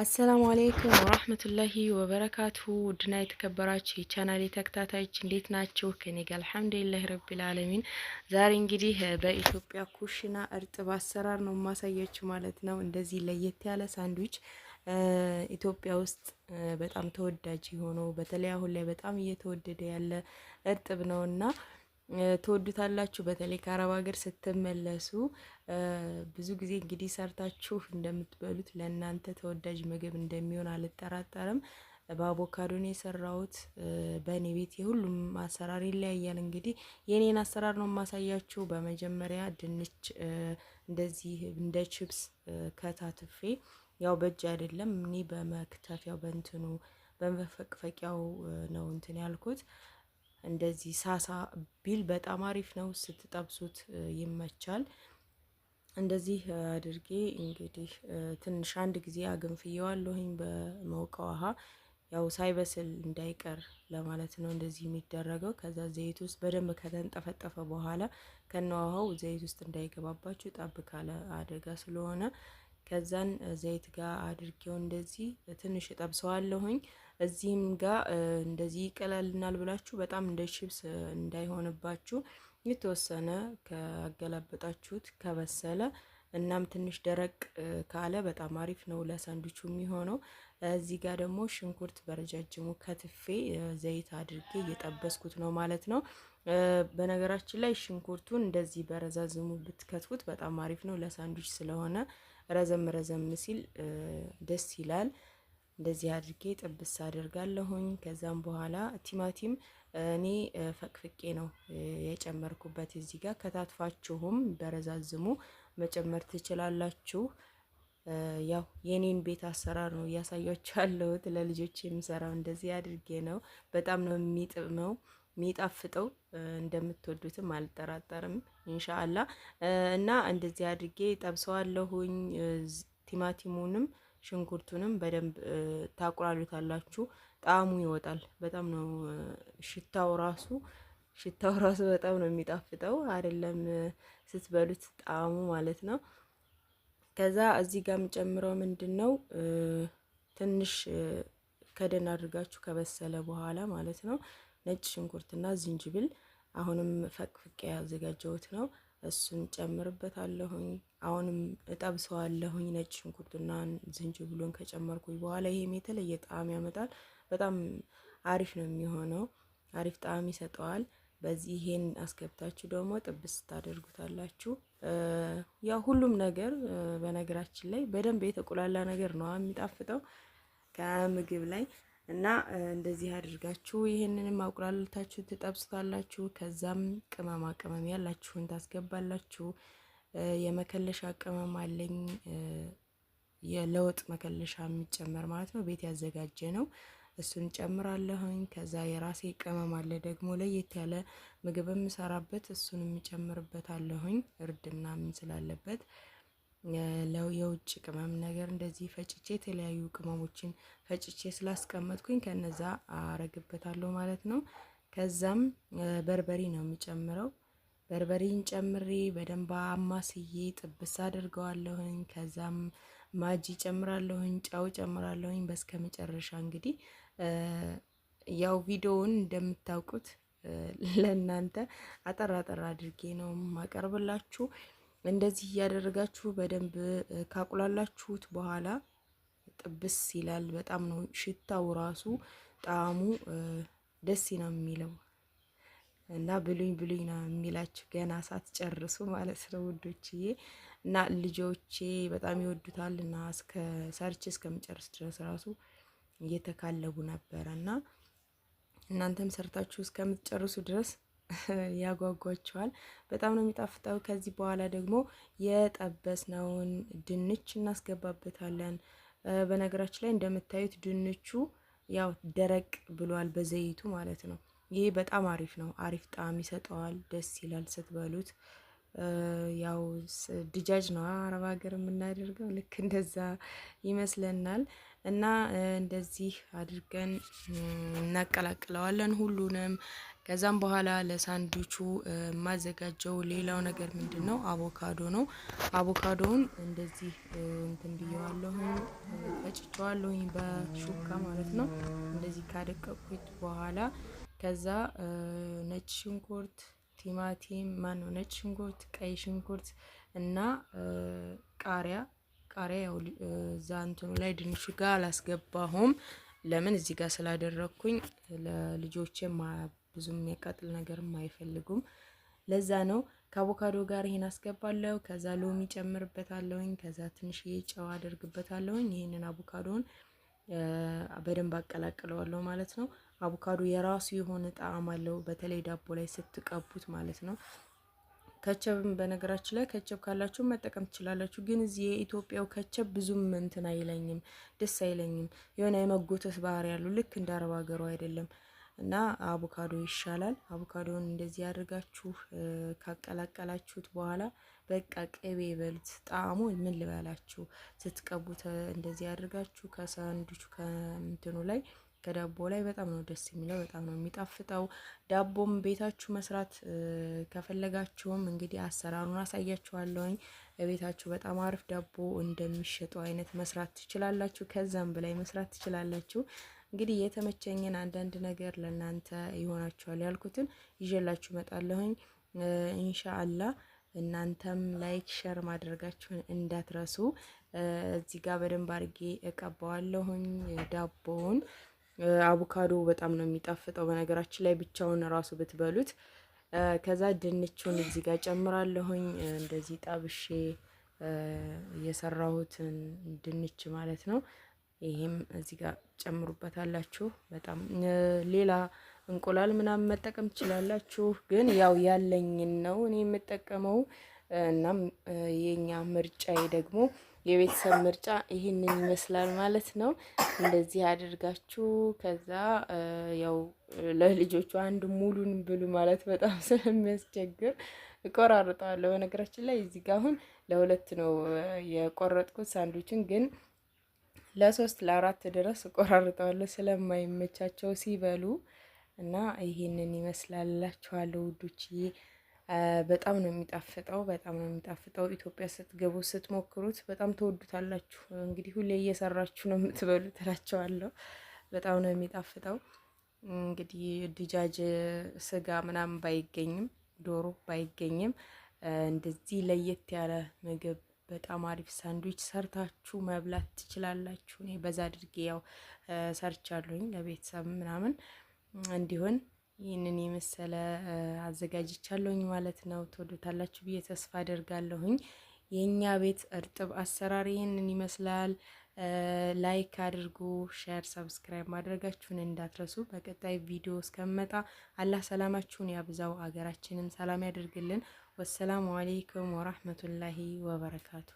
አሰላሙ አሌይኩም ወራህመቱላሂ ወበረካቱ ውድና የተከበራችሁ የቻናሌ ተከታታዮች እንዴት ናችሁ? ከኔ ጋር አልሐምዱሊላህ ረቢል አለሚን። ዛሬ እንግዲህ በኢትዮጵያ ኩሽና እርጥብ አሰራር ነው የማሳያችሁ ማለት ነው። እንደዚህ ለየት ያለ ሳንድዊች ኢትዮጵያ ውስጥ በጣም ተወዳጅ የሆነው በተለይ አሁን ላይ በጣም እየተወደደ ያለ እርጥብ ነውና ትወዱታላችሁ። በተለይ ከአረብ ሀገር ስትመለሱ ብዙ ጊዜ እንግዲህ ሰርታችሁ እንደምትበሉት ለእናንተ ተወዳጅ ምግብ እንደሚሆን አልጠራጠርም። በአቮካዶ የሰራውት የሰራሁት። በእኔ ቤት የሁሉም አሰራር ይለያያል። እንግዲህ የእኔን አሰራር ነው የማሳያችሁ። በመጀመሪያ ድንች እንደዚህ እንደ ችፕስ ከታትፌ ያው በእጅ አይደለም እኔ በመክተፊያው በእንትኑ በመፈቅፈቂያው ነው እንትን ያልኩት እንደዚህ ሳሳ ቢል በጣም አሪፍ ነው። ስትጠብሱት ይመቻል። እንደዚህ አድርጌ እንግዲህ ትንሽ አንድ ጊዜ አገንፍየዋለሁኝ በመውቀ ውሃ ያው ሳይበስል እንዳይቀር ለማለት ነው እንደዚህ የሚደረገው። ከዛ ዘይት ውስጥ በደንብ ከተንጠፈጠፈ በኋላ ከነውሃው ዘይት ውስጥ እንዳይገባባችሁ ጣብ ካለ አደጋ ስለሆነ ከዛን ዘይት ጋር አድርጌው እንደዚህ ትንሽ እጠብሰዋለሁኝ። እዚህም ጋር እንደዚህ ይቀላልናል ብላችሁ በጣም እንደ ቺፕስ እንዳይሆንባችሁ የተወሰነ ካገላበጣችሁት ከበሰለ እናም ትንሽ ደረቅ ካለ በጣም አሪፍ ነው ለሳንዱቹ የሚሆነው። እዚህ ጋር ደግሞ ሽንኩርት በረጃጅሙ ከትፌ ዘይት አድርጌ እየጠበስኩት ነው ማለት ነው። በነገራችን ላይ ሽንኩርቱን እንደዚህ በረዛዝሙ ብትከትፉት በጣም አሪፍ ነው ለሳንዱች ስለሆነ ረዘም ረዘም ሲል ደስ ይላል። እንደዚህ አድርጌ ጥብስ አድርጋለሁኝ። ከዛም በኋላ ቲማቲም እኔ ፈቅፍቄ ነው የጨመርኩበት። እዚህ ጋር ከታትፋችሁም በረዛዝሙ መጨመር ትችላላችሁ። ያው የኔን ቤት አሰራር ነው እያሳያችሁ ያለሁት። ለልጆች የምሰራው እንደዚህ አድርጌ ነው። በጣም ነው የሚጥመው የሚጣፍጠው እንደምትወዱትም አልጠራጠርም እንሻአላ እና እንደዚህ አድርጌ ጠብሰዋለሁኝ ቲማቲሙንም ሽንኩርቱንም በደንብ ታቁላሉታላችሁ። ጣዕሙ ይወጣል። በጣም ነው ሽታው ራሱ ሽታው ራሱ በጣም ነው የሚጣፍጠው፣ አይደለም ስትበሉት ጣዕሙ ማለት ነው። ከዛ እዚህ ጋር የምጨምረው ምንድን ነው ትንሽ ከደን አድርጋችሁ ከበሰለ በኋላ ማለት ነው ነጭ ሽንኩርትና ዝንጅብል አሁንም ፈቅፍቄ ያዘጋጀሁት ነው። እሱን ጨምርበታለሁኝ። አሁንም እጠብሰዋለሁኝ። ነጭ ሽንኩርትና ዝንጅብሉን ከጨመርኩኝ በኋላ ይሄም የተለየ ጣዕም ያመጣል። በጣም አሪፍ ነው የሚሆነው። አሪፍ ጣዕም ይሰጠዋል። በዚህ ይሄን አስገብታችሁ ደግሞ ጥብስ ታደርጉታላችሁ። ያው ሁሉም ነገር በነገራችን ላይ በደንብ የተቆላላ ነገር ነው የሚጣፍጠው ከምግብ ላይ እና እንደዚህ አድርጋችሁ ይህንንም አቁላልታችሁ ትጠብሱታላችሁ። ከዛም ቅመማ ቅመም ያላችሁን ታስገባላችሁ። የመከለሻ ቅመም አለኝ፣ የለውጥ መከለሻ የሚጨመር ማለት ነው። ቤት ያዘጋጀ ነው፣ እሱን ጨምራለሁኝ። ከዛ የራሴ ቅመም አለ ደግሞ ለየት ያለ ምግብ የምሰራበት እሱን የምጨምርበት አለሁኝ፣ እርድ ምናምን ስላለበት የውጭ ቅመም ነገር እንደዚህ ፈጭቼ የተለያዩ ቅመሞችን ፈጭቼ ስላስቀመጥኩኝ ከነዛ አረግበታለሁ ማለት ነው። ከዛም በርበሬ ነው የሚጨምረው። በርበሬን ጨምሬ በደንብ አማስዬ ጥብስ አድርገዋለሁኝ። ከዛም ማጂ ጨምራለሁኝ፣ ጨው ጨምራለሁኝ። በስከ መጨረሻ እንግዲህ ያው ቪዲዮውን እንደምታውቁት ለእናንተ አጠር አጠር አድርጌ ነው ማቀርብላችሁ። እንደዚህ እያደረጋችሁ በደንብ ካቁላላችሁት በኋላ ጥብስ ይላል። በጣም ነው ሽታው ራሱ ጣዕሙ ደስ ነው የሚለው እና ብሉኝ ብሉኝ ነው የሚላችሁ ገና ሳትጨርሱ ማለት ነው ውዶችዬ። እና ልጆቼ በጣም ይወዱታል እና እስከ ሰርች እስከምጨርስ ድረስ ራሱ እየተካለቡ ነበረ እና እናንተም ሰርታችሁ እስከምትጨርሱ ድረስ ያጓጓቸዋል። በጣም ነው የሚጣፍጠው። ከዚህ በኋላ ደግሞ የጠበስነውን ድንች እናስገባበታለን። በነገራችን ላይ እንደምታዩት ድንቹ ያው ደረቅ ብሏል በዘይቱ ማለት ነው። ይሄ በጣም አሪፍ ነው። አሪፍ ጣዕም ይሰጠዋል። ደስ ይላል ስትበሉት። ያው ድጃጅ ነው አረብ ሀገር የምናደርገው ልክ እንደዛ ይመስለናል። እና እንደዚህ አድርገን እናቀላቅለዋለን ሁሉንም። ከዛም በኋላ ለሳንዱቹ የማዘጋጀው ሌላው ነገር ምንድን ነው? አቮካዶ ነው። አቮካዶውን እንደዚህ እንትን ብየዋለሁኝ፣ ፈጭቸዋለሁኝ በሹካ ማለት ነው። እንደዚህ ካደቀቁት በኋላ ከዛ ነጭ ሽንኩርት፣ ቲማቲም ማነው ነጭ ሽንኩርት፣ ቀይ ሽንኩርት እና ቃሪያ ቃሪያ ያው እዛ እንትኑ ላይ ድንቹ ጋር አላስገባሁም። ለምን እዚህ ጋር ስላደረግኩኝ ለልጆቼም ብዙም የሚያቃጥል ነገርም አይፈልጉም። ለዛ ነው ከአቮካዶ ጋር ይሄን አስገባለሁ። ከዛ ሎሚ ጨምርበታለሁኝ። ከዛ ትንሽዬ ጨው አደርግበታለሁኝ። ይህንን አቮካዶን በደንብ አቀላቅለዋለሁ ማለት ነው። አቮካዶ የራሱ የሆነ ጣዕም አለው፣ በተለይ ዳቦ ላይ ስትቀቡት ማለት ነው። ከቸብም በነገራችን ላይ ከቸብ ካላችሁ መጠቀም ትችላላችሁ። ግን እዚህ የኢትዮጵያው ከቸብ ብዙም እንትን አይለኝም፣ ደስ አይለኝም። የሆነ የመጎተት ባህሪ ያለው ልክ እንደ አረብ ሀገሩ አይደለም እና አቮካዶ ይሻላል። አቮካዶን እንደዚህ ያድርጋችሁ ካቀላቀላችሁት በኋላ በቃ ቅቤ በሉት። ጣዕሙ ምን ልበላችሁ ስትቀቡት እንደዚህ ያድርጋችሁ ከሳንዱቹ ከእንትኑ ላይ ከዳቦ ላይ በጣም ነው ደስ የሚለው፣ በጣም ነው የሚጣፍጠው። ዳቦም ቤታችሁ መስራት ከፈለጋችሁም እንግዲህ አሰራሩን አሳያችኋለሁኝ። ቤታችሁ በጣም አሪፍ ዳቦ እንደሚሸጡ አይነት መስራት ትችላላችሁ። ከዛም በላይ መስራት ትችላላችሁ። እንግዲህ የተመቸኝን አንዳንድ ነገር ለእናንተ ይሆናችኋል ያልኩትን ይዤላችሁ እመጣለሁኝ እንሻአላ እናንተም ላይክ ሸር ማድረጋችሁን እንዳትረሱ። እዚህ ጋር በደንብ አድርጌ እቀባዋለሁኝ ዳቦውን። አቮካዶ በጣም ነው የሚጣፍጠው በነገራችን ላይ ብቻውን ራሱ ብትበሉት። ከዛ ድንቹን እዚህ ጋር ጨምራለሁኝ እንደዚህ ጣብሼ የሰራሁትን ድንች ማለት ነው። ይሄም እዚህ ጋር ጨምሩበታላችሁ። በጣም ሌላ እንቁላል ምናምን መጠቀም ትችላላችሁ፣ ግን ያው ያለኝን ነው እኔ የምጠቀመው። እናም የኛ ምርጫዬ ደግሞ የቤተሰብ ምርጫ ይህንን ይመስላል ማለት ነው። እንደዚህ አድርጋችሁ ከዛ ያው ለልጆቹ አንድ ሙሉን ብሉ ማለት በጣም ስለሚያስቸግር እቆራርጠዋለሁ። በነገራችን ላይ እዚህ ጋር አሁን ለሁለት ነው የቆረጥኩት ሳንዱችን ግን ለሶስት ለአራት ድረስ እቆራርጠዋለሁ ስለማይመቻቸው ሲበሉ እና ይህንን ይመስላላችኋለሁ ውዶችዬ። በጣም ነው የሚጣፍጠው። በጣም ነው የሚጣፍጠው። ኢትዮጵያ ስትገቡ ስትሞክሩት በጣም ተወዱታላችሁ። እንግዲህ ሁሌ እየሰራችሁ ነው የምትበሉት እላቸዋለሁ። በጣም ነው የሚጣፍጠው። እንግዲህ ድጃጅ ስጋ ምናምን ባይገኝም ዶሮ ባይገኝም እንደዚህ ለየት ያለ ምግብ በጣም አሪፍ ሳንድዊች ሰርታችሁ መብላት ትችላላችሁ። እኔ በዛ አድርጌ ያው ሰርቻለሁኝ ለቤተሰብ ምናምን እንዲሆን ይህንን የመሰለ አዘጋጅቻለሁኝ ማለት ነው። ትወዱታላችሁ ብዬ ተስፋ አደርጋለሁኝ። የእኛ ቤት እርጥብ አሰራር ይህንን ይመስላል። ላይክ አድርጉ፣ ሼር፣ ሰብስክራይብ ማድረጋችሁን እንዳትረሱ። በቀጣይ ቪዲዮ እስከመጣ አላህ ሰላማችሁን ያብዛው፣ አገራችንም ሰላም ያደርግልን። ወሰላሙ አሌይኩም ወራህመቱላሂ ወበረካቱ